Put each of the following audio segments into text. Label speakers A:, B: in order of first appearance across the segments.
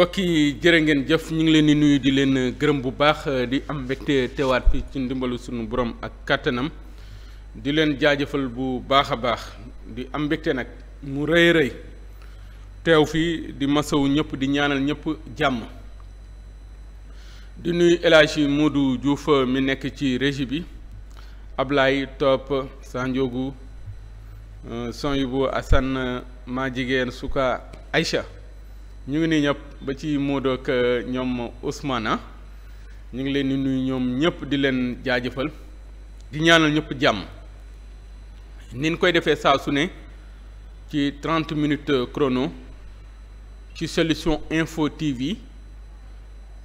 A: mbokk yi jërë ngeen jëf ñu ngi leen di nuyu di leen gërëm bu baax eh, di am mbégte teewaat fi ci ndimbalu sunu borom ak kàttanam di leen jaajëfal bu baax a baax di am mbégte nag mu rëy rëy teew fii di masawu ñëpp di ñaanal ñëpp jàmm di nuyu El Hadji Modou Diouf eh, mi nekk ci régie bi ab Ablaye Top Sanjogu eh, Sonyibou Assane maa jigéen suka Aïcha ñu ngi nii ñëpp ba ci Modou ak euh, ñoom Ousmane ah. ñu ngi leen di nuyu ñoom ñëpp di leen jaajëfal di ñaanal ñëpp jàmm ni ñu koy defee saa su ne ci trente minutes euh, chrono ci solution info TV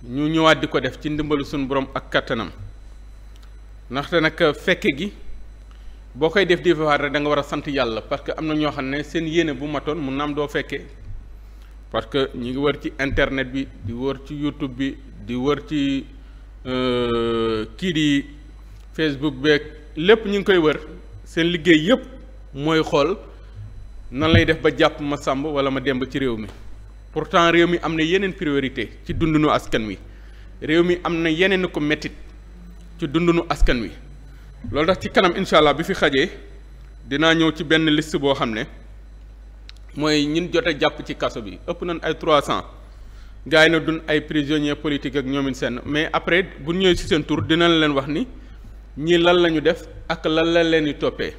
A: ñu ñëwaat di ko def ci ndimbalu suñu borom ak kàttanam ndaxte nag euh, fekke gi boo koy def di fawaat rek war a sant yàlla parce que am na ñoo xam ne seen yéene bu matoon mun na doo fekkee. parce que ñu ngi wër ci internet bi di wër ci YouTube bi di wër ci euh, kii di Facebook beeg lépp ñu ngi koy wër seen liggéey yépp mooy xool nan lay def ba jàpp ma sàmb wala ma demb ci réew mi pourtant réew mi am na yeneen priorité ci dundunu askan wi réew mi am na yeneen ko mettit ci nu askan wi loolu tax ci kanam incha allah bi fi xajee dinaa ñëw ci benn list boo xam ne mooy ñin jot a jàpp ci kaso bi ëpp nañ ay trois cent gars na dun ay prisonniers politiques ak ñoomin seen mais après bu ñëwee ci seen tour la leen wax ni ñii lan la ñu def ak lan la leen di toppee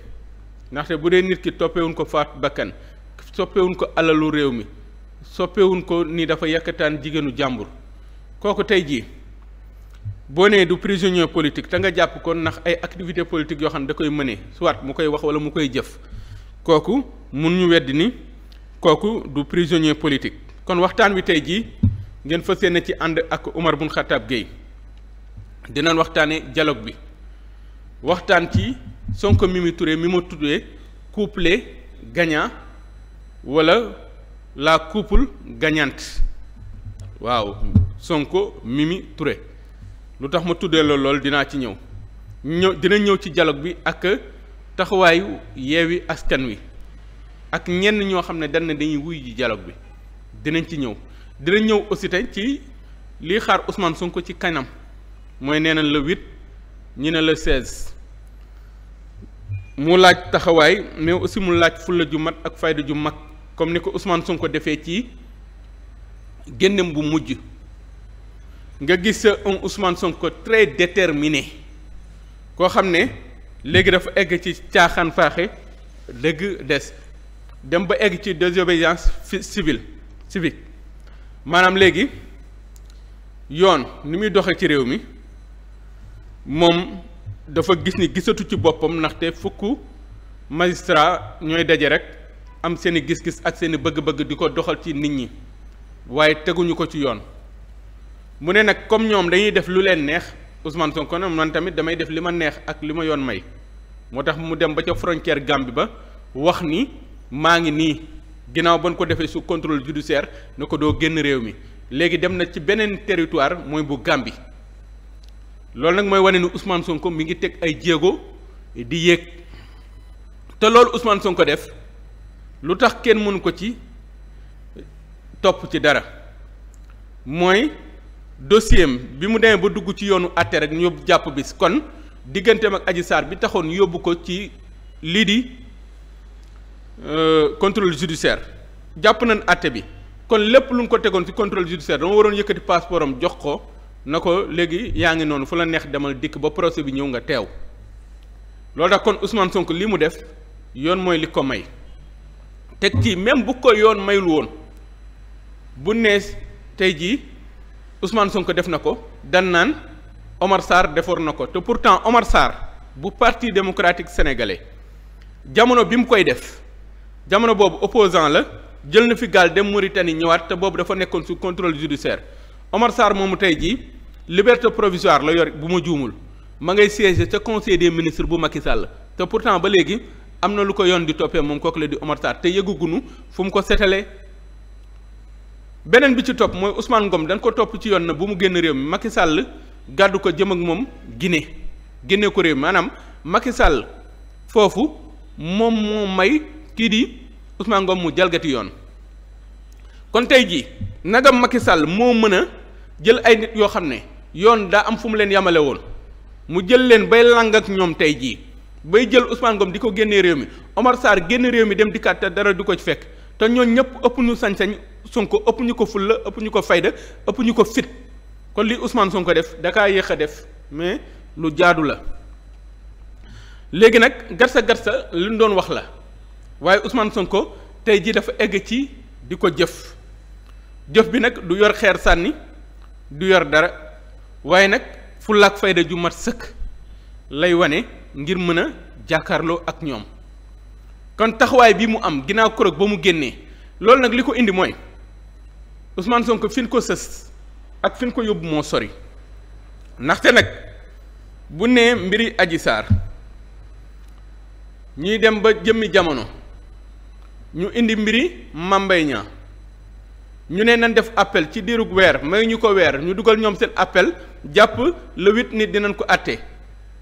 A: ndaxte bu dee nit ki toppewuñ ko faat bakkan soppewuñ ko alalu réew mi soppewuñ ko ni dafa yàkkataan jigéenu jàmbur kooku tey jii boo nee du prisonnier politique te nga jàpp ko ndax ay activité politique yoo xam ne da koy mëne soit mu koy wax wala mu koy jëf kooku mun ñu weddi ni kooku du prisonnier politique kon waxtaan wi tey jii ngeen fas yéene ci ànd ak Omar Bun Khattab Gueye dinañ waxtaane dialogue bi waxtaan ci Sonko Mimi ture mi ma tuddee couple gagnant wala la couple gagnante waaw Sonko Mimi Touré lu tax ma tuddee la lool dinaa ci ñëw ñëw dina ñëw ci dialogue bi ak taxawaayu yeewi askan wi ak ñenn ñoo xam ne dañ ne dañuy wuy ji dialogue bi dinañ ci ñëw dinañ ñëw aussi tey ci lii xaar Ousmane Sonko ci kanam mooy nee na le huit ñu ne la seize mu laaj taxawaay mais aussi mu laaj fulla ju mat ak fayda ju mag comme ni ko Ousmane Sonko defee ci génnem bu mujj nga gis usmaan Ousmane Sonko très déterminé koo xam ne léegi dafa egg ci caaxaan faaxe dëgg des dem ba egg ci désobéissance civile civique maanaam léegi yoon ni muy doxee ci réew mi moom dafa gis ni gisatu ci boppam ndaxte fukk magistrat ñooy daje rek am seeni i gis-gis ak seen i bëgg-bëgg di ko doxal ci nit ñi waaye teguñu ko ci yoon mu ne nag comme ñoom dañuy def lu leen neex Ousmane Sonko ne man tamit damay def li ma neex ak li ma yoon may moo tax mu dem ba ca frontière Gambie ba wax ni maa ngi nii ginnaaw ba ñu ko defee su contrôle judiciaire na ko doo génn réew mi léegi dem na ci beneen territoire mooy bu Gambie loolu nag mooy wane ni Ousmane Sonko mu ngi teg ay jéego di yéeg te loolu usmaan Ousmane ko def lu tax kenn mënu ko ci topp ci dara mooy dossier bi mu demee ba dugg ci yoonu àtte rek ñu jàpp bi kon digganteem ak Adji Sarr bi taxoon yóbbu ko ci lii di. Euh, contrôle judiciaire jàpp nañ àtte bi kon lépp lu ñu ko tegoon ci contrôle judiciaire dama waroon yëkkati passeport am jox ko na ko léegi yaa ngi noonu fu la neex demal dikk ba procès bi ñëw nga teew loolu tax kon Ousmane sonk li mu def yoon mooy li ko may teg ci même bu ko yoon mayul woon bu nees tey jii Ousmane sonk def na ko dan naan Omar Sarr defoon na ko te pourtant Omar Sarr bu parti démocratique sénégalais jamono bi mu koy def jamono boobu opposant la jël na fi gaal dem Mauritanie ñëwaat te boobu dafa nekkoon sous contrôle judiciaire Omar Sarr moomu tey jii liberté provisoire la yor bu ma juumul ma ngay siéger ca conseil des ministres bu Macky Sall te pourtant ba léegi am na lu ko yoon di toppee moom kooku la di Omar Sarr te yëgugunu fu mu ko setalee beneen bi ci topp mooy Ousmane Ngom dañ ko topp ci yoon na bu mu génn réew mi Macky Sall gàddu ko jëm ak moom Guinée génnee ko réew maanaam Macky Sall foofu moom moo may. kii di Ousmane mu jalgati yoon kon tey jii nagam Macky Sall moo mën a jël ay nit yoo xam ne yoon daa am fu mu leen yamale woon mu jël leen bay lang ñoom tey jii bay jël Ousmane di ko génnee réew mi Omar Sarr génn réew mi dem dikkaat te dara du ko ci fekk te ñooñ ñëpp ëpp ñu sañ-sañ Sonko ko fulla ëpp ñu ko fayda ëpp ñu ko fit kon li Ousmane Sonko def dakaa yéex a def mais lu jaadu la léegi nag garsa garsa li ñu doon wax la waaye Ousmane Sonko tey jii dafa egg ci di ko jëf jëf bi nag du yor xeer sànni du yor dara waaye nag fullaak fayda ju mat sëkk lay wane ngir mën a jàkkaarloo ak ñoom kon taxawaay bi mu am ginnaaw korog ba mu génnee loolu nag li ko indi mooy usmaan Sonko fi ñu ko sës ak fin ko yóbbu moo sori ndaxte nag bu nee mbiri aji Sarr ñuy dem ba jëmmi jamono ñu indi mbiri mambay ña ñu ne nan def appel ci diirug weer may ñu ko weer ñu dugal ñoom seen appel jàpp le huit nit dinañ ko atte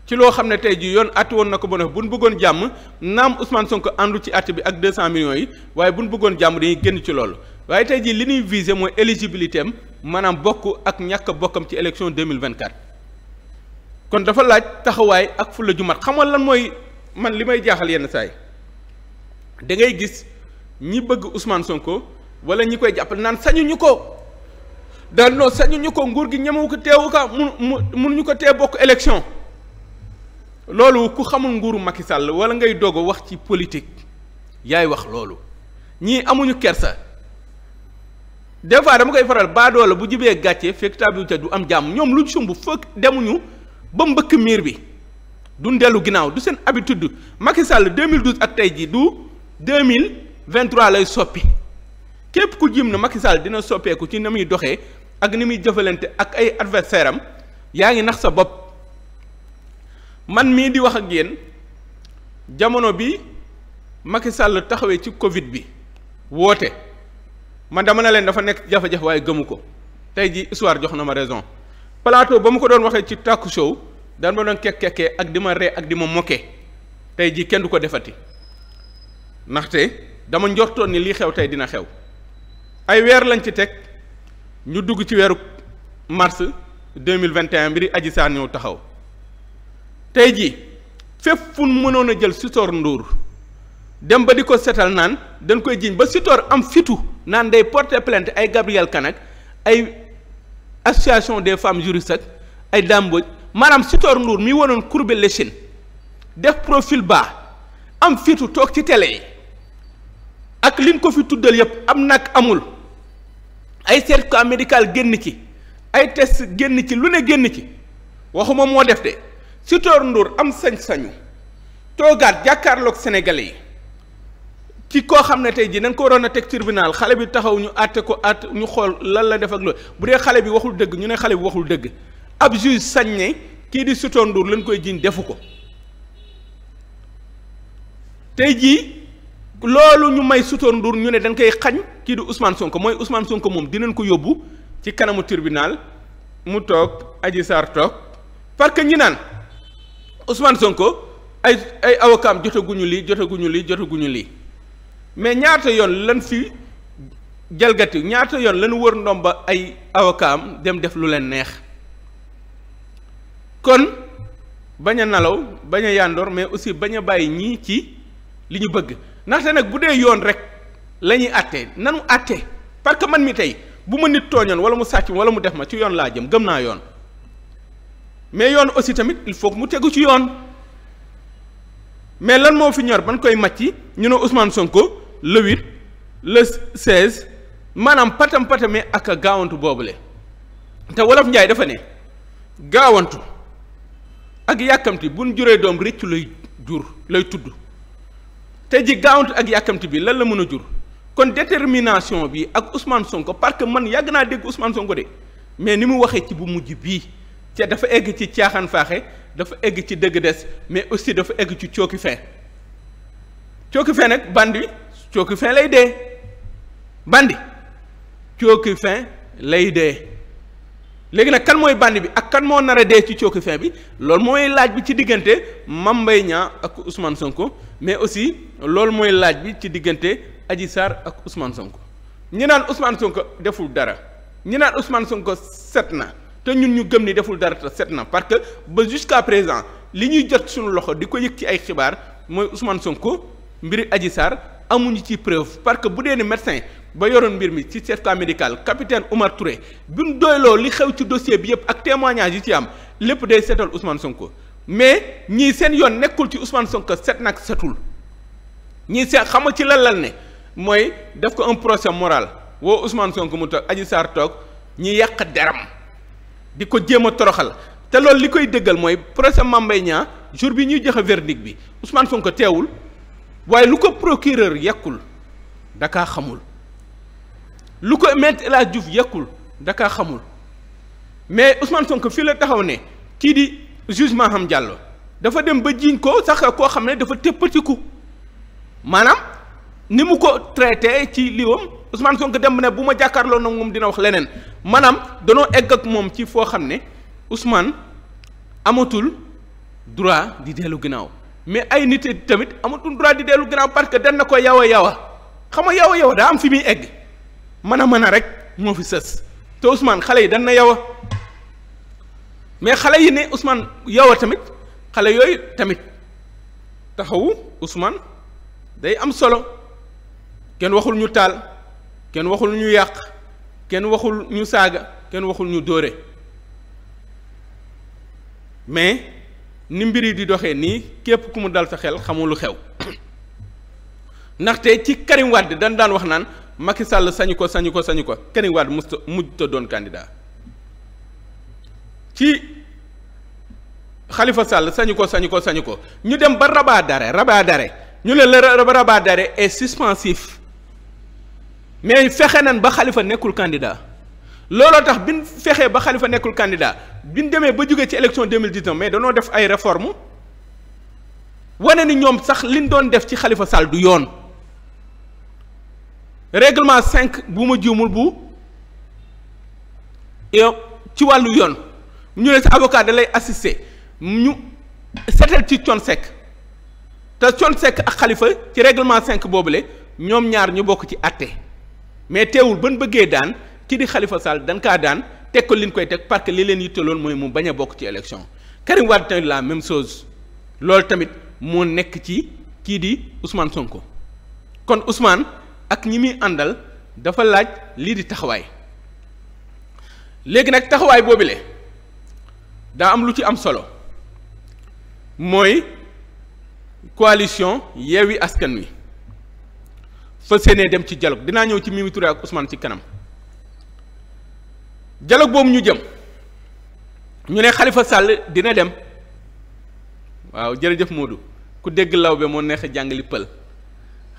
A: ci loo xam ne tey jii yoon àtte woon na ko ba ne bu ñu bëggoon jàmm naam Ousmane Sonko àndu ci àtte bi ak 200 millions yi waaye bu bëggoon jàmm dañuy génn ci loolu waaye tey ji li ñuy viser mooy éligibilité am maanaam bokk ak ñàkk bokkam ci élection 2024. kon dafa laaj taxawaay ak fulla ju mat xam lan mooy man li may jaaxal yenn saay da gis ñi bëgg Ousmane Sonko wala ñi koy jàppale naan sañuñu ko daal non sañuñu ko nguur gi ñemewu ko teewu ko mun mu mënuñu ko tee bokk élection loolu ku xamul nguuru Macky Sall wala ngay doog a wax ci politique yaay wax loolu ñii amuñu kersa des fois dama koy faral baadoo bu jibee gàcce fekk taabu ca du am jàmm ñoom luñ sumb fekk demuñu ba mbëkk miir bi du ndellu ginnaaw du seen habitude Macky Sall 2012 ak tey ji du 2000. 23 lay soppi képp ku jim na Macky Sall dina soppeeku ci ni muy doxee ak ni muy jëfalante ak ay adversaire am yaa ngi nax sa bopp man mii di wax ak yéen jamono bi Macky sàll taxawee ci Covid bi woote man dama ne leen dafa nekk jafe-jafe waaye gëmu ko tey ji histoire jox na ma raison plateau ba mu ko doon waxee ci tàkku Show daan ma doon kekkekkee ak di ma ree ak di ma mokkee tey ji kenn du ko defati ndaxte dama njortoon ni lii xew tey dina xew ay weer lañ ci teg ñu dugg ci weeru mars deux mille vingt et un mbiri aji saar taxaw tey jii fépp fu mënoon a jël Sitor nduur dem ba di ko setal naan dañ koy jiiñ ba Sitor am fitu naan day porter plainte ay Gabriel Kanak ay association des femmes juristes ak ay damboj maanaam Sitor Ndour mi wanoon courber l'échine def profil ba am fitu toog ci tele yi ak liñ ko fi tuddal yëpp am nag amul ay certificat médical génn ci ay test génn ci lu ne génn ci waxuma moo def de Sitor nduur am sañ-sañu toogaat jàkkaarlook sénégalais yi ci koo xam ne tey jii nañ ko waroon a teg tribunal xale bi taxaw ñu àtte ko àtte ñu xool lan la def ak loolu bu dee xale bi waxul dëgg ñu ne xale bi waxul dëgg ab juge sañ ne kii di Sitor nduur lañ koy jiiñ defu ko tey jii loolu ñu may Sitor nduur ñu ne danga koy xañ kii di usmaan Sonko mooy Ousmane Sonko moom dinañ ko yóbbu ci kanamu tribunal mu toog Adji Sarr toog parce que ñi naan Ousmane Sonko ay ay awokaam jotaguñu lii jotaguñu lii jotaguñu li mais ñaata yoon lan fi jalgati ñaata yoon lan wër ndomba ay avocat dem def lu leen neex kon bañ a nalaw bañ a yàndoor mais aussi bañ a bàyyi ñii ci li ñu bëgg. ndaxte nag bu dee yoon rek la ñuy àttee nanu àttee parce que man mi tey bu ma nit tooñoon wala mu sàcc wala mu def ma ci yoon laa jëm gëm naa yoon mais yoon aussi tamit il faut mu tegu ci yoon mais lan moo fi ñor ban koy màcci ñu ne Ousmane Sonko le huit le seize maanaam patam patame ak gaawantu boobu le te wolof Njaay dafa ne gaawantu ak yàkkamti buñ juree doom rëccu lay jur lay tudd te ji gaawantu ak yàkkamti bi lan la mën a jur kon détermination bi ak Ousmane Sonko parce que man yàgg naa dégg Ousmane Sonko de mais ni mu waxee ci bu mujj bii te dafa egg ci caaxaan faaxe dafa egg ci dëgg des mais aussi dafa egg ci cooki fin cooki fin nag bandi cooki fin lay dee bandi cooki fin lay dee léegi nag kan mooy bandi bi ak kan moo nara dee ci cooki fin bi loolu mooy laaj bi ci diggante Mame Mbaye Niang ak Ousmane Sonko mais aussi loolu mooy laaj bi ci diggante aji Sarr ak Ousmane Sonko ñi naan Ousmane Sonko deful dara ñi naan Ousmane Sonko set na te ñun ñu gëm ni deful dara te set na parce que ba jusqu'à présent li ñuy jot suñu loxo di ko yëg ci ay xibaar mooy Ousmane Sonko mbir aji Sarr amuñu ci preuve parce que bu dee ni médecin ba yoroon mbir mi ci certificat médical capitaine Oumar Touré bi mu doyloo li xew ci dossier bi yëpp ak témoignage yi ci am lépp day setal Ousmane Sonko mais ñii seen yoon nekkul ci Ousmane sonk set nag setul ñii seen xam ci lan lan ne mooy def ko un procès moral woo Ousmane Sonko mu toog Adji Sarr toog ñi yàq deram di ko jéem a toroxal te lool li koy dëggal mooy procès Mame Mbaye Niang jour bi ñuy joxe verdict bi Ousmane Sonko teewul waaye lu ko procureur yekkul da kaa xamul. lu ko Maître El Hadji Diouf yekkul dakaa xamul mais Ousmane sonk fii la taxaw ne kii di juge am Diallo dafa dem ba jiiñ ko sax koo xam ne dafa tëppatiku maanaam ni mu ko traité ci liwam usman sonk dem ne bu ma jàkkaarloo nag moom dina wax leneen maanaam danoo egg ak moom ci foo xam ne Ousmane amatul droit di dellu ginnaaw mais ay nit tamit amatul droit di dellu ginnaaw parce que dan na ko yawa yawa xam nga yawa yawa daa am fi muy egg. mën a mën a rek moo fi ses te Ousmane xale yi dan na yow mais xale yi ne Ousmane yow tamit xale yooyu tamit taxawu Ousmane day am solo kenn waxul ñu taal kenn waxul ñu yàq kenn waxul ñu saaga kenn waxul ñu dóore mais ni mbir yi di doxee nii képp ku mu dal sa xel xamul lu xew ndaxte ci Karim Wade dañ daan wax naan Macky Sall sañu ko sañu ko sañu ko Karim Wade musta mujj doon candidat ci Khalifa Sall sañu ko sañu ko sañu ko ñu dem ba rabat d'arrêt rabat d'arrêt ñu ne la rabat d'arrêt est suspensif mais fexe nan ba Khalifa nekkul candidat looloo tax bi ñu fexee ba xalifa nekkul candidat bi ñu demee ba jógee ci élection 2019 mais danoo def ay réformes wane ni ñoom sax liñ doon def ci xalifa Sall du yoon. règlement cinq bu ma juumul bu yow ci wàllu yoon ñu ne sa avocat da lay assister ñu seetal ci con sec te con sec ak xalifa ci reglement cinq boobule ñoom ñaar ñu bokk ci àtte mais teewul ban bëggee daan kii di xalifa Sall dañ kaa daan teg ko liñ koy teg parce que li leen yitteloon mooy mu baña bokk ci élection Karim Wade tamit la même chose loolu tamit moo nekk ci kii di Ousmane Sonko kon Ousmane. ak ñi muy àndal dafa laaj lii di taxawaay léegi nag taxawaay boobule daa am lu ci am solo mooy coalition Yewwi Askan Wi fa séenee dem ci dialogue dinaa ñëw ci Mimi Touré ak Ousmane ci kanam dialogue boobu ñu jëm ñu ne xalifa sàll dina dem waaw jërëjëf Modou ku dégg law be moo neex a jàngali pël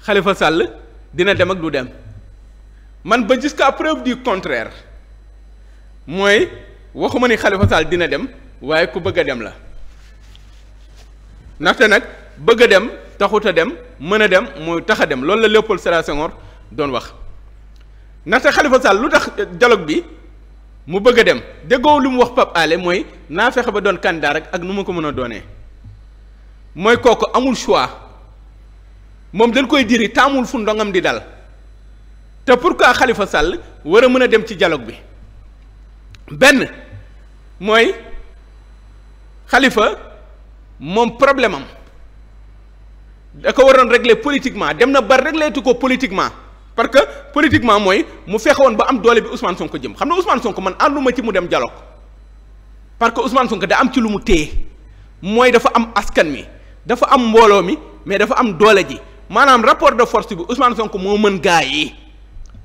A: Khalifa Sall dina dem ak du dem man ba jusqu'à preuve du contraire mooy waxuma ni Khalifa Sall dina dem waaye ku bëgg a dem la ndaxte nag bëgg a dem taxut a dem mën a dem mooy tax a dem loolu la Léopold Sédar doon wax ndaxte Khalifa Sall lu tax dialogue bi mu bëgg a dem déggoo lu mu wax Pape Alé mooy naa fexe ba doon candidat rek ak nu ma ko mën a doonee mooy kooku amul choix. moom dañ koy diri taamul fu ndongam di dal te pour pourquoi xalifa Sall war a mën a dem ci dialogue bi benn mooy xalifa moom problème am da ko waroon régler politiquement dem na ba régler tu ko politiquement parce que politiquement mooy mu fexewoon ba am doole bi Ousmane Sonko jëm xam na Ousmane Sonko man ànduma ci mu dem dialogue parce que Ousmane Sonko da am ci lu mu téye mooy dafa am askan mi dafa am mbooloo mi mais dafa am doole ji. maanaam rapport de force bi Ousmane Sonko moo mën gaa yi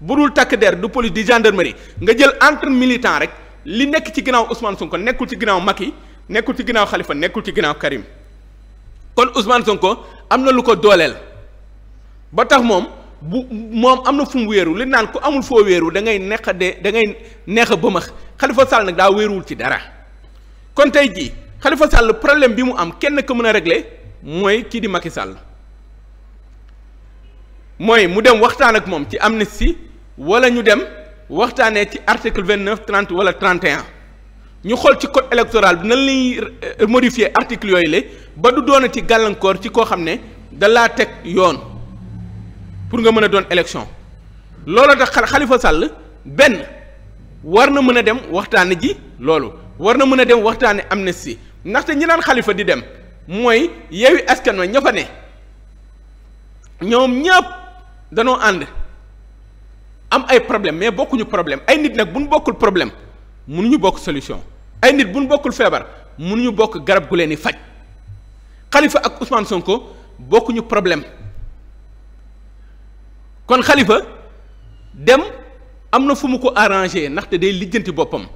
A: bu dul takk der du police di gendarmerie nga jël entre militant rek li nekk ci ginnaaw Ousmane Sonko nekkul ci ginnaaw yi nekkul ci ginnaaw xalifa nekkul ci ginnaaw Karim kon Ousmane Sonko am na lu ko dooleel ba tax moom bu moom am na fu mu wéeru li naan ku amul foo wéeru dangay ngay de da ngay neex a bëmax xalifa Sall nag daa wéeruwul ci dara kon tey ji Khalifa Sall problème bi mu am kenn ko mën a mooy kii di Macky Sall. mooy mu dem waxtaan ak moom ci amnistie wala ñu dem waxtaanee ci article vingt neuf trente wala trente ñu xool ci code électoral bi nan lañuy euh, modifier article yooyu le ba du doona ci gàllankoor ci koo xam ne da laa teg yoon pour nga mën a doon élection loolu Sall benn war na mën a dem waxtaane ji loolu war na mën a dem waxtaane amnistie ndaxte ñi naan Khalifa di dem mooy yeewi askan wa ña fa ne ñoom ñëpp danoo ànd am ay problème mais bokkuñu problème ay nit nag bu ñu bokkul problème mënuñu bokk solution ay nit bu ñu bokkul feebar mënuñu bokk garab gu leen di faj xalifa ak Ousmane ko bokkuñu problème kon xalifa dem am na fu mu ko arrangé ndaxte day lijjanti boppam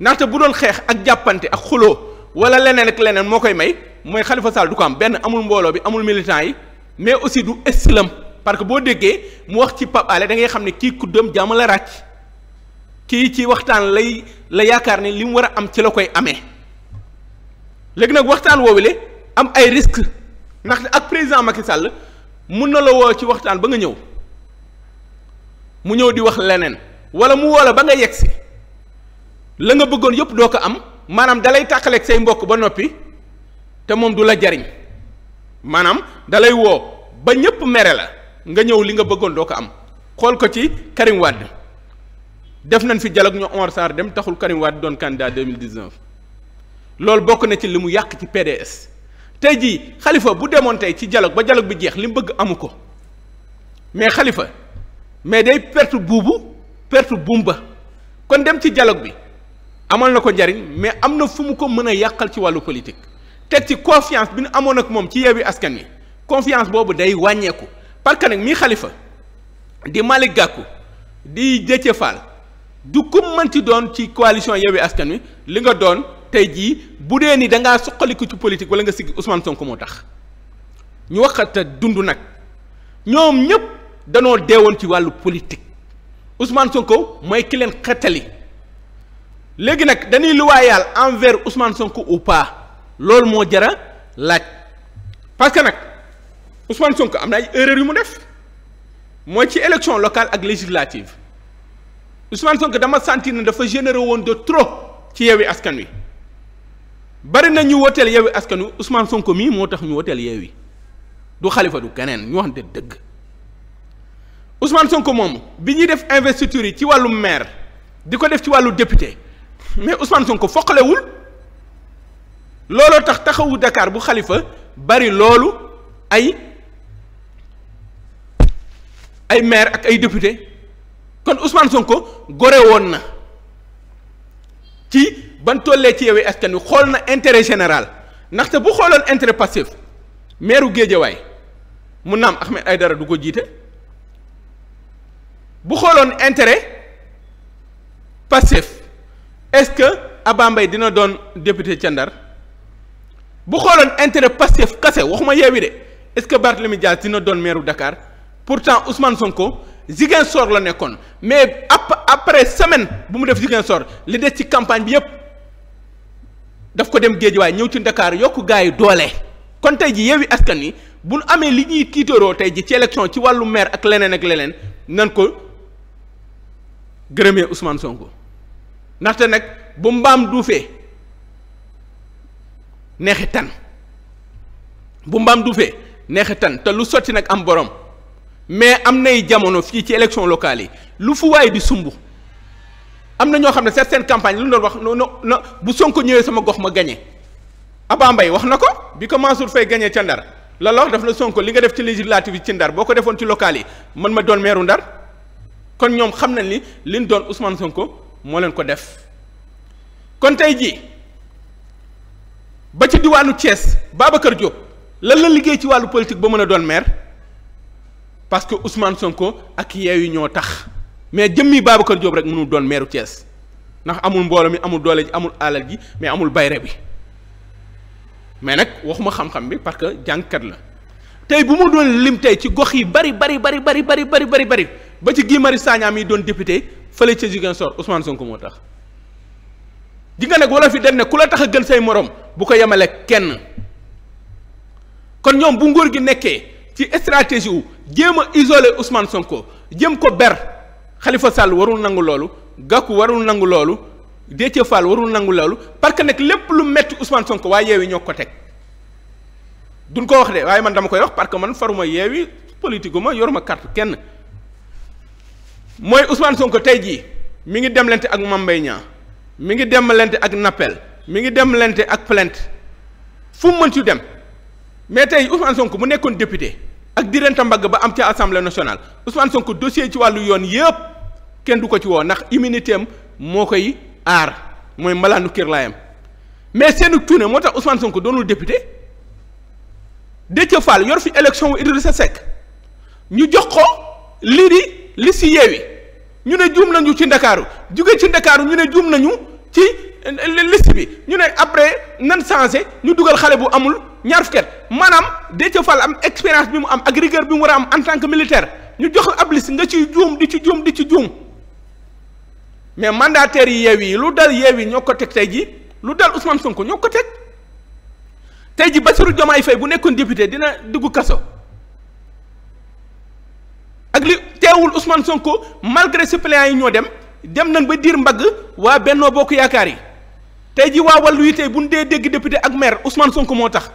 A: ndaxte bu doon xeex ak jàppante ak xuloo wala leneen ak leneen moo koy may mooy xalifa Sall du ko am benn amul mbooloo bi amul militant yi mais aussi du islam. parce que boo déggee mu wax ci Pape dangay xam ne kii kuddam jàmm la ràcc kii ci waxtaan lay la yaakaar ne li mu war a am ci la koy amee léegi nag waxtaan woowule am ay risque ndaxte ak président Macky Sall mun na la woo ci waxtaan ba nga ñëw mu ñëw di wax leneen wala mu woo la ba nga yegg si la nga bëggoon yëpp doo ko am maanaam dalay tàqaleeg say mbokk ba noppi te moom du la jariñ maanaam dalay woo ba ñëpp mere la nga ñëw li nga bëggoon doo ko am xool ko ci Karim Wade def nañ fi dialogue ñu Omar dem taxul Karim Wade doon candidat 2019 loolu bokk na ci li mu yàq ci PDS tey jii xalifa bu demoon tey ci dialogue ba dialogue bi jeex li mu bëgg amu ko mais xalifa mais day perte buubu perte ba kon dem ci dialogue bi amal na ko njariñ mais am na fu mu ko mën a yàqal ci wàllu politique teg ci confiance bi ñu amoon ak moom ci Yewwi Askan Wi confiance boobu day wàññeeku parce que nag mi xalifa di Malick Gakou di Déthié Fall du ku mënti doon ci coalition Yewwi Askan Wi li nga doon tey jii bu dee nii da ngaa suqaliku ci politique wala nga siggi Ousmane Sonko moo tax ñu waxata dund nag ñoom ñëpp danoo deewoon ci wàllu politique Ousmane Sonko mooy ki leen léegi nag dañuy loyal envers Ousmane Sonko ou pas loolu moo jara laaj parce que nag. Ousmane Sonko am na ay erreur yu mu def mooy ci élection locale ak législative Ousmane Sonko dama sentir ne dafa généré woon de trop ci Yewwi Askan Wi bari na ñu woteel Yewwi Askan Wi Ousmane Sonko mii moo tax ñu woteel Yewwi du xalifa du keneen ñu waxante dëgg Ousmane Sonko moomu bi ñuy def investiture yi ci wàllu maire di ko def ci wàllu député mais Ousmane Sonko foqalewul looloo tax taxawu dakaar bu xalifa bari loolu ay ay maire ak ay député kon Ousmane Sonko gore woon na ci ban tollee ci Yewwi Askan Wi xool na intérêt général ndaxte bu xooloon intérêt passif maireu Géejawaay mu naam Ahmed dara du ko jiite bu xooloon intérêt passif est-ce que Abba dina doon député ca Ndar bu xooloon intérêt passif kase waxuma Yewwi de est-ce que Barthélemy Dias dina doon meeru Dakar pourtant Ousmane Sonko Ziguinchor la nekkoon mais ap après semaine bu mu def Ziguinchor li des ci campagne bi yëpp daf ko dem géej waaye ñëw ci ndakaar yokk gars yi doole. kon tey ji Yewwi Askan Wi bu nu amee li ñuy tiitaroo tey ji ci élection ci wàllu meer ak leneen ak leneen nan ko gërëmee Ousmane Sonko ndaxte nag bu mbaam duufee neexi tan bu mbaam duufee neexi tan te lu sotti nag am borom. mais am nay jamono fii ci élection locale yi lu fu waay di sumb am na ñoo xam ne certaines campagnes lu ñu doon wax no no no bu Sonko ñëwee sama gox ma gagné Abba Mbaye wax na ko bi ko Mansour Faye gagné ca Ndar la la wax daf la Sonko li nga def ci législative yi ci Ndar boo ko defoon ci locale yi man ma doon meeru Ndar kon ñoom xam nañ ni li ñu doon Ousmane Sonko moo leen ko def kon tey jii ba ci diwaanu Thiès Babacar Diop lan la liggéey ci wàllu politique ba mën a doon maire. parce que Ousmane Sonko ak Yewwi ñoo tax mais jëmmi Babacar Diop rek mënul doon meeru Thiès ndax amul mbooloo mi amul doole ji amul alal ji mais amul bayre bi mais nag waxuma xam-xam bi parce que jàngkat la tey bu ma doon lim tey ci gox yi bari bari bari bari bari bari bari bari ba ci Guy Marius Sagna doon député fële ca Ziguinchor Ousmane Sonko moo tax di nga nag wala fi dem ne ku la tax a gën say moroom bu ko yemale kenn kon ñoom bu nguur gi nekkee ci stratégie wu jéem a isoler Ousmane Sonko jëm ko ber xalifa Sall warul nangu loolu Gakou warul nangu loolu Déthié Fall warul nangu loolu parce que nag lépp lu metti Ousmane Sonko waaye yeewi ñoo ko teg duñ ko wax de waaye man dama koy wax parce que man faruma yeewi politique ma yor ma carte kenn mooy Ousmane Sonko tey jii mi ngi demlante ak Mame Mbaye mi ngi demlante ak Napel mi ngi demlante ak plainte fu mu mën ci dem mais tey Ousmane Sonko mu nekkoon député. ak di renta mbagg ba am ca assemblée nationale Ousmane Sonko dossier ci wàllu yoon yëpp kenn du ko ci woo ndax immunité am moo koy aar mooy malaanu kirlaayam mais seenu tuune moo tax Ousmane Sonko doonul député Déthié Fall yor fi élection wu Idrissa Seck ñu jox ko lii di li si yeewi ñu ne juum nañu ci ndakaaru jóge ci ndakaaru ñu ne juum nañu ci euh, liste bi ñu ne après nan changé ñu dugal xale bu amul ñaar fukki at maanaam Déthié Fall am expérience bi mu am ak rigueur bi mu war a am en tant que militaire ñu jox la nga ciy juum di ci juum di ci juum mais mandataires yi yeew yi lu dal yeew yi ñoo ko teg tey ji lu dal Ousmane Sonko ñoo ko teg tey ji Bassirou Diomaye Faye bu nekkoon député dina dugg kaso ak li teewul Ousmane Sonko malgré suppléants yi ñoo dem dem nañ ba diir mbagg waa Bennoo Bokk Yaakaar yi tey ji waa wàllu yi tey bu ñu dee dégg député ak maire Ousmane Sonko moo tax.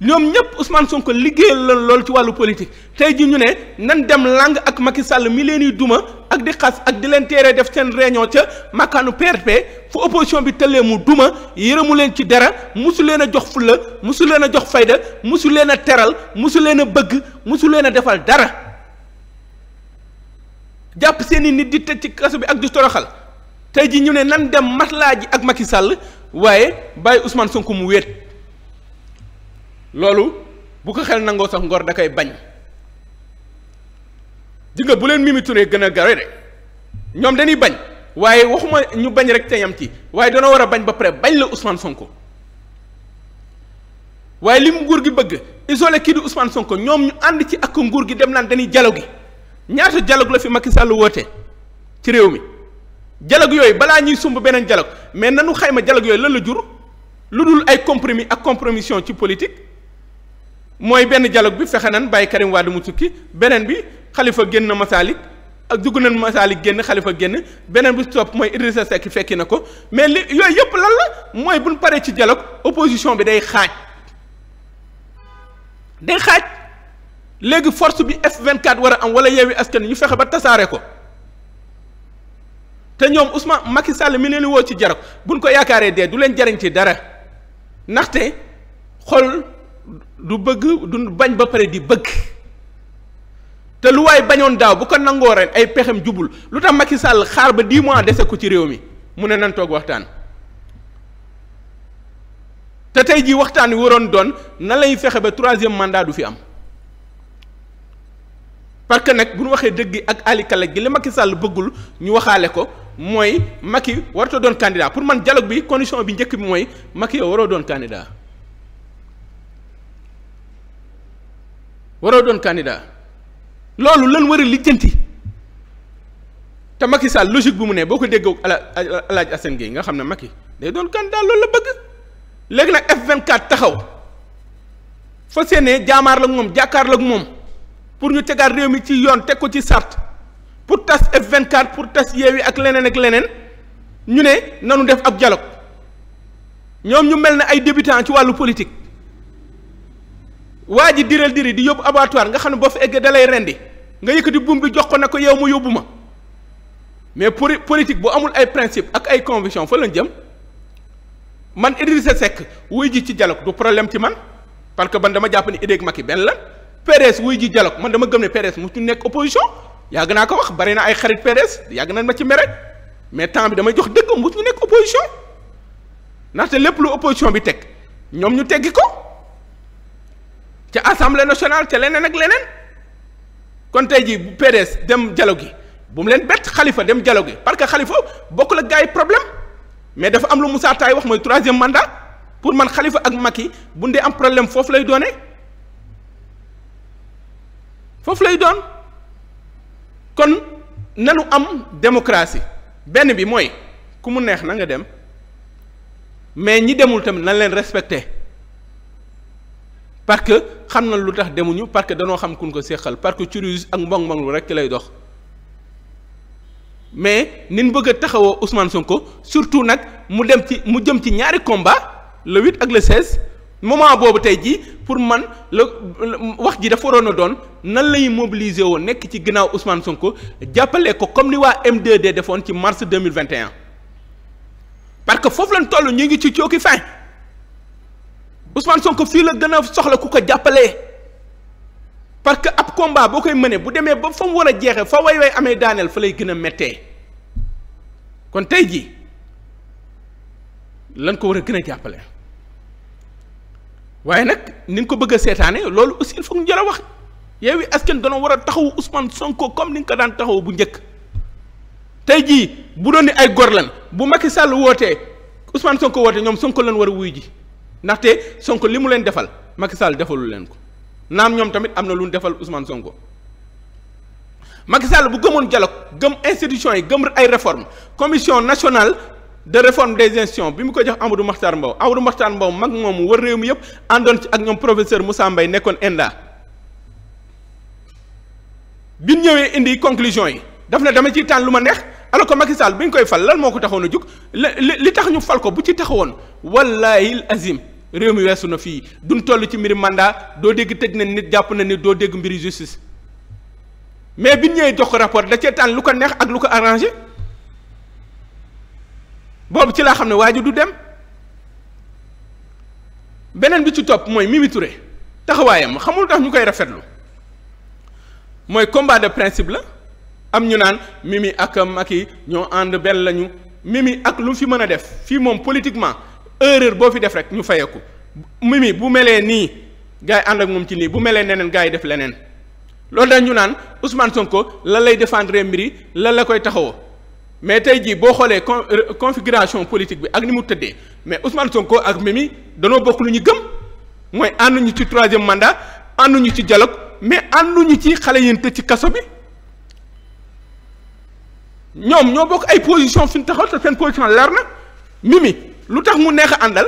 A: ñoom ñëpp Ousmane Sonko liggéeyal la lool ci wàllu politique tey ji ñu ne nan dem làng ak Macky sàll mi leen di duma ak di xas ak di leen teere def seen réunion ca makkaanu PRP fu opposition bi tëllee mu duma yërëmu leen ci dara mosu leen a jox fulla musu leen a jox fayda musu leen a teral musu leen a bëgg mosu leen a defal dara jàpp seeni nit di tëj ci kaso bi ak di toroxal tey ji ñu ne nan dem matlaa ji ak Macky sàll waaye bàyyi Ousmane Sonko mu wéet loolu bu ko xel nangoo sax ngor da koy bañ di nga bu leen Mimi gën a gawe de ñoom dañuy bañ waaye waxuma ñu bañ rek te yam ci waaye danoo war a bañ ba pare bañ la Ousmane Sonko waaye li mu nguur gi bëgg isolé kii di Ousmane Sonko ñoom ñu ànd ci ak nguur gi dem naan dañuy jalo gi ñaata dialogue la fi Macky Sall woote ci réew mi dialogue yooyu balaa ñuy sumb beneen dialogue mais nanu xayma dialogue yooyu lan la jur lu dul ay compromis ak compromission ci politique mooy benn dialogue bi fexe nan bàyyi Karim Wade mu tukki beneen bi xalifa génn masaalik ak dugg nañ masaalik génn xalifa génn beneen bi topp mooy Idrissa Seck fekki na ko mais li yooyu yëpp lal la mooy buñ paree ci dialogue opposition bi day xaaj day xaaj léegi force bi F24 war a am wala Yewwi Askan ñu fexe ba tasaare ko te ñoom Ousmane Macky Sall mi leen woo ci dialogue buñ ko yaakaaree dee du leen jariñ ci dara ndaxte xol du bëgg du bañ ba pare di bëgg te lu waay bañoon daaw bu ko nangoo ren ay pexem jubul lu tax Macky sàll xaar ba dix mois dese ko ci réew mi mu ne nan toog waxtaan te tey jii waxtaan wi waroon doon na lay fexe ba troisième mandat du fi am parce que nag bu ñu waxee dëgg ak Ali gi li makki sàll bëggul ñu waxaale ko mooy Macky warta doon candidat pour man dialogue bi condition bi njëkk bi mooy Macky yow waroo doon candidat waroo doon candidat loolu lan war a lijjanti te Macky Sall logique bu mu nee boo ko déggoo El Hadj Assane Gueye nga xam ne i day doon candidat loolu la bëgg léegi nag F24 taxaw fa seenee jaamaar la moom jàkkaar la moom pour ñu tegaat réew mi ci yoon teg ko ci sart pour tas F24 pour tas yi ak leneen ak leneen ñu ne nanu def ab dialogue ñoom ñu mel ne ay débutants ci wàllu politique. waa ji diral diri di yóbbu abattoir nga xam ne boo fa eggee da lay rendi nga yëkkati buum bi jox ko ne ko yow ma yóbbu ma mais pour politique bu amul ay principe ak ay conviction fa lañ jëm man Idrissa Seck wuy ji ci dialogue du problème ci man parce que man dama jàpp ni idée ak Macky benn la PDS wuy ji dialogue man dama gëm ne PDS mu ci nekk opposition yàgg naa ko wax bari na ay xarit PDS yàgg nañ ma ci mere mais temps bi damay jox dëgg mu ci nekk opposition ndaxte lépp lu opposition bi teg ñoom ñu teggi ko. ca assemblée nationale ca leneen ak leneen kon tey jii bu PDS dem jalo gi bu mu leen bett xalifa dem jalo gi parce que xalifa bokkul ak gars yi problème mais dafa am lu Moussa Taye wax mooy troisième mandat pour man xalifa ak Macky bu ndee am problème foofu lay doonee foofu lay doon kon nanu am démocratie benn bi mooy ku mu neex na nga dem mais ñi demul tamit nan leen respecté parce que xam na lu tax demuñu parce que danoo xam kun ko séqal parce que ak mbong mbong lu rek ci lay dox mais nin bëgg a taxawoo Ousmane Sonko surtout nag mu dem ci mu jëm ci ñaari combat le 8 ak le 16 moment boobu tey jii pour man la wax ji dafa waroon a doon nan lay mobiliser woon nekk ci ginnaaw Ousmane Sonko jàppale ko comme li waa m 2 defoon ci mars 2021 parce que foofu lañ toll ñu ngi ci cooki fin Ousmane Sonko fii la gën a soxla ku ko jàppale parce que ab combat boo koy mënee bu demee ba fa mu war a jeexee fa way way amee daaneel fa lay gën a mettee kon tey jii lañ ko war a gën a jàppale waaye nag ni nga ko bëgg a seetaane loolu aussi il faut ñu jëla wax Yewwi Askan danoo war a taxawu usman Sonko comme ni nga ko daan taxawu bu njëkk tey jii bu doon ni ay gor lan bu Macky Sall wootee Ousmane Sonko woote ñoom Sonko lan war a wuy ji ndaxte Sonko li mu leen defal Macky Sall defalu leen ko naam ñoom tamit am na lu ñu defal usman Sonko Macky Sall bu gëmoon dialogue gëm institution yi gëm ay réformes commission nationale de réforme des institutions bi mu ko jox Amadou Mahtar Mbow Amadou Mahtar Mbow mag moom mu war réew mi yëpp àndoon ci ak ñoom professeur Moussa Mbaye nekkoon ENDA bi ñëwee indi conclusion yi daf na dama ciy tànn lu ma neex. alors que Macky Sall bi ñu koy fal lan moo ko taxoon a jug li tax ñu fal ko bu ci taxawoon wallahi azim réew mi weesu na fii duñ toll ci mbiri mandat doo dégg tëj na nit jàpp na nit doo dégg mbiri justice mais bi ñëwee jox ko rapport da cee tànn lu ko neex ak lu ko arrangé boobu ci laa xam ne waa ji du dem beneen bi ci topp mooy Mimi Touré taxawaayam xamul tax ñu koy rafetlu mooy combat de principe la am ñu naan Mimi ak Macky ñoo ànd benn lañu Mimi ak lu fi mën a def fii moom politiquement erreur boo fi def rek ñu fayeku Mimi bu melee nii gars yi ànd ak moom ci nii bu melee neneen gaa yi def leneen loolu ñu naan Ousmane Sonko la lay défendre mbiri la la koy taxawoo mais tey jii boo xoolee con euh, configuration politique bi ak ni mu tëddee mais Ousmane Sonko ak Mimi danoo bokk lu ñu gëm mooy ànduñu ci troisième mandat ànduñu ci dialogue mais ànduñu ci xale yi ci kaso ñoom ñoo bokk ay position fi ñu taxaw te seen position leer na Mimi lu tax mu neex àndal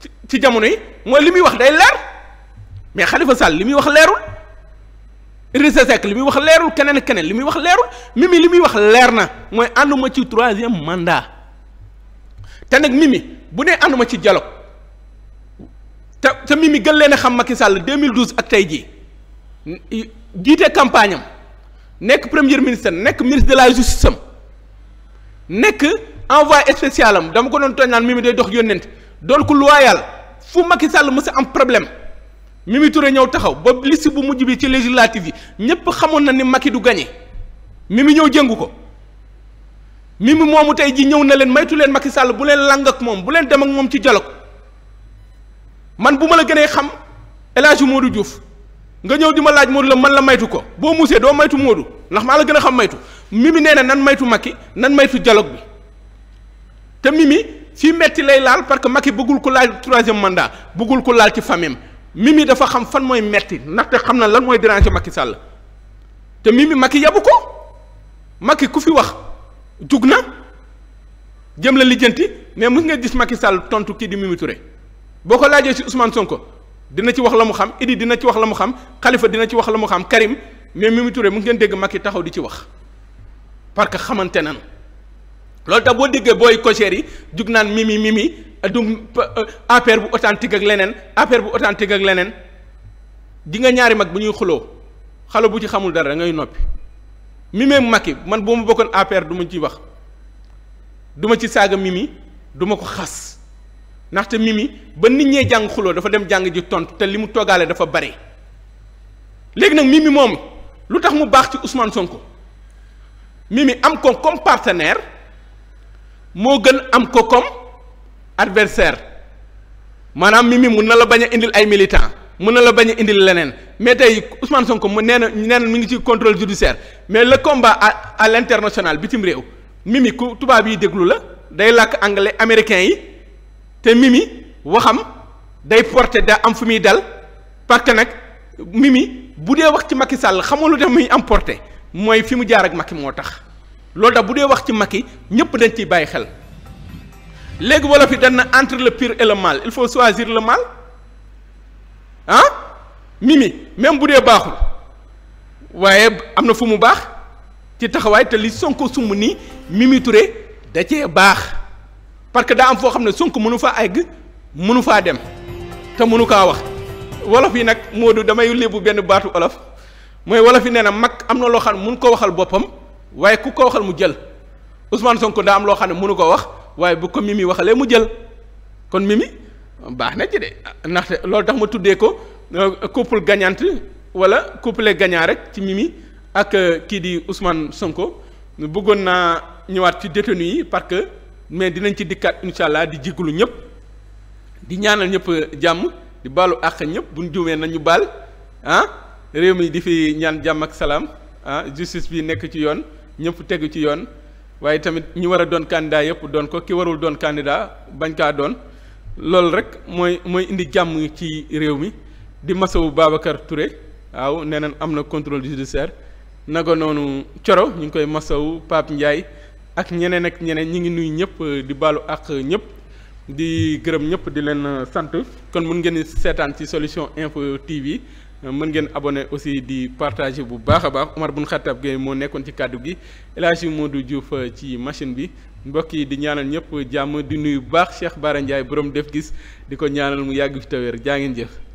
A: ci ci jamono yi mooy li muy wax day leer mais xalifa Sall li muy wax leerul Idrissa li muy wax leerul keneen keneen li muy wax leerul Mimi li muy wax leer na mooy ànduma ci troisième mandat te nag Mimi bu nee ànduma ci dialogue te te Mimi gën leen a xam Macky mille 2012 ak tey jii jiite campagne am nekk premier ministre nekk ministre de la justice am nekk envoyé spécial am dama ko doon tooñ naan mi day dox yónnent doon ku loyal fu Macky Sall mës a am problème Mimi Touré ñëw taxaw ba liste bu mujj bi ci législative yi ñépp xamoon na ni Macky du mi Mimi ñëw jëngu ko Mimi moomu tey ji ñëw na leen maytu leen Macky Sall bu leen lang ak moom bu leen dem ak moom ci dialogue man bu ma la gënee xam El Hadj Modou Diouf nga ñëw di ma laaj Modou la man la maytu ko boo muusee doo maytu Modou ndax maa la gën a xam maytu mimi nee na nan maytu Macky nan maytu dialogue bi te mimi fii metti lay laal parce que Macky bëggul ko laal troisième mandat bëggul ko laal ci mii mimi dafa xam fan mooy metti ndaxte xam na lan mooy déranger Macky Sall te mimi Macky yabu ko Macky ku fi wax jug na jëm la lijjanti mais mës nga gis Macky Sall tontu kii di Mimi boo ko laajee ci Ousmane Sonko dina ci wax la mu xam Idi dina ci wax la mu xam Khalifa dina ci wax la mu xam Karim mais Mimi Touré mu ngeen dégg Macky taxaw di ci wax. parce que xamante nan loolu tax boo déggee booy cocher yi jug naan mimi mimi du affaire bu authentique ak leneen affaire bu authentique ak leneen di nga ñaari mag bu ñuy xuloo xale bu ci xamul dara dangay noppi ngay mu mag Macky man bu ma bokkoon APR duma ma ci wax duma ma ci saaga mimi du ma ko xas ndaxte mimi ba nit ñee jàng xuloo dafa dem jàng ji tontu te li mu toggaale dafa bare léegi nag mimi moom lu tax mu baax ci Ousmane Sonko Mimi am ko comme partenaire moo gën am ko comme adversaire maanaam Mimi mun na la bañ indil ay militant mun na la bañ indil leneen mais tey Ousmane Sonko mu nee na nee na mi ngi ci contrôle judiciaire mais la combat à à l'international bitim réew Mimi ku tubaab yi déglu la day làkk anglais américain yi te Mimi waxam day porter da am fu muy dal parce que nag Mimi bu dee wax ci Macky Sall xamul lu def muy am porté mooy fi mu jaar ak Macky moo tax loolu tax bu dee wax ci Macky ñëpp dañ ci bàyyi xel léegi wolof yi dañ na entre le pire et le mal il faut choisir le mal ah mimi même bu dee baaxul waaye am na fu mu baax ci taxawaay te li Sonko sumb nii Mimi Touré da cee baax parce que daa am foo xam ne Sonko mënu faa egg mënu faa dem te mënu kaa wax wolof yi nag Modou damay lébu benn baatu olof. mooy wala fi nee na mag am na loo xam ne mun koo waxal boppam waaye ku ko waxal mu jël Ousmane Sonko daa am loo xam ne mënu koo wax waaye bu ko Mimi waxalee mu jël kon Mimi baax na ci de ndaxte loolu tax ma tuddee ko euh, couple gañaant wala couple gagnant rek ci Mimi ak euh, kii di Ousmane Sonko bëggoon naa ñëwaat ci détenu yi parce que mais dinañ ci dikkaat incha allah di jéggalu ñëpp di ñaanal ñëpp jàmm di baalu àq ñëpp bu ñu juumee nañu baal ah. réew mi di fi ñaan jàmm ak salaam ah justice bi nekk ci yoon ñëpp tegu ci yoon waaye tamit ñi war a doon candidat yëpp doon ko ki warul doon candidat bañ kaa doon loolu rek mooy mooy indi jàmm ci réew mi di masawu Babacar ture waaw nee nañ am na contrôle judiciaire naga noonu Coro ñu ngi koy masawu Pape Ndiaye ak ñeneen ak ñeneen ñi ngi nuyu ñëpp di baalu ak ñëpp di gërëm ñëpp di leen sant kon mun ngeen seetaan ci solution info TV. Euh, mën ngeen abonné aussi di partager bu baax a baax Omar Bun Khattab Gueye moo nekkoon ci kàddu gi El Hadji Modou Diouf euh, ci machine bi mbokk yi di ñaanal ñëpp jàmm di nuy bu baax Cheikh Bara Ndiaye borom def gis di ko ñaanal mu yàgg fi tawéer jaa ngeen jëf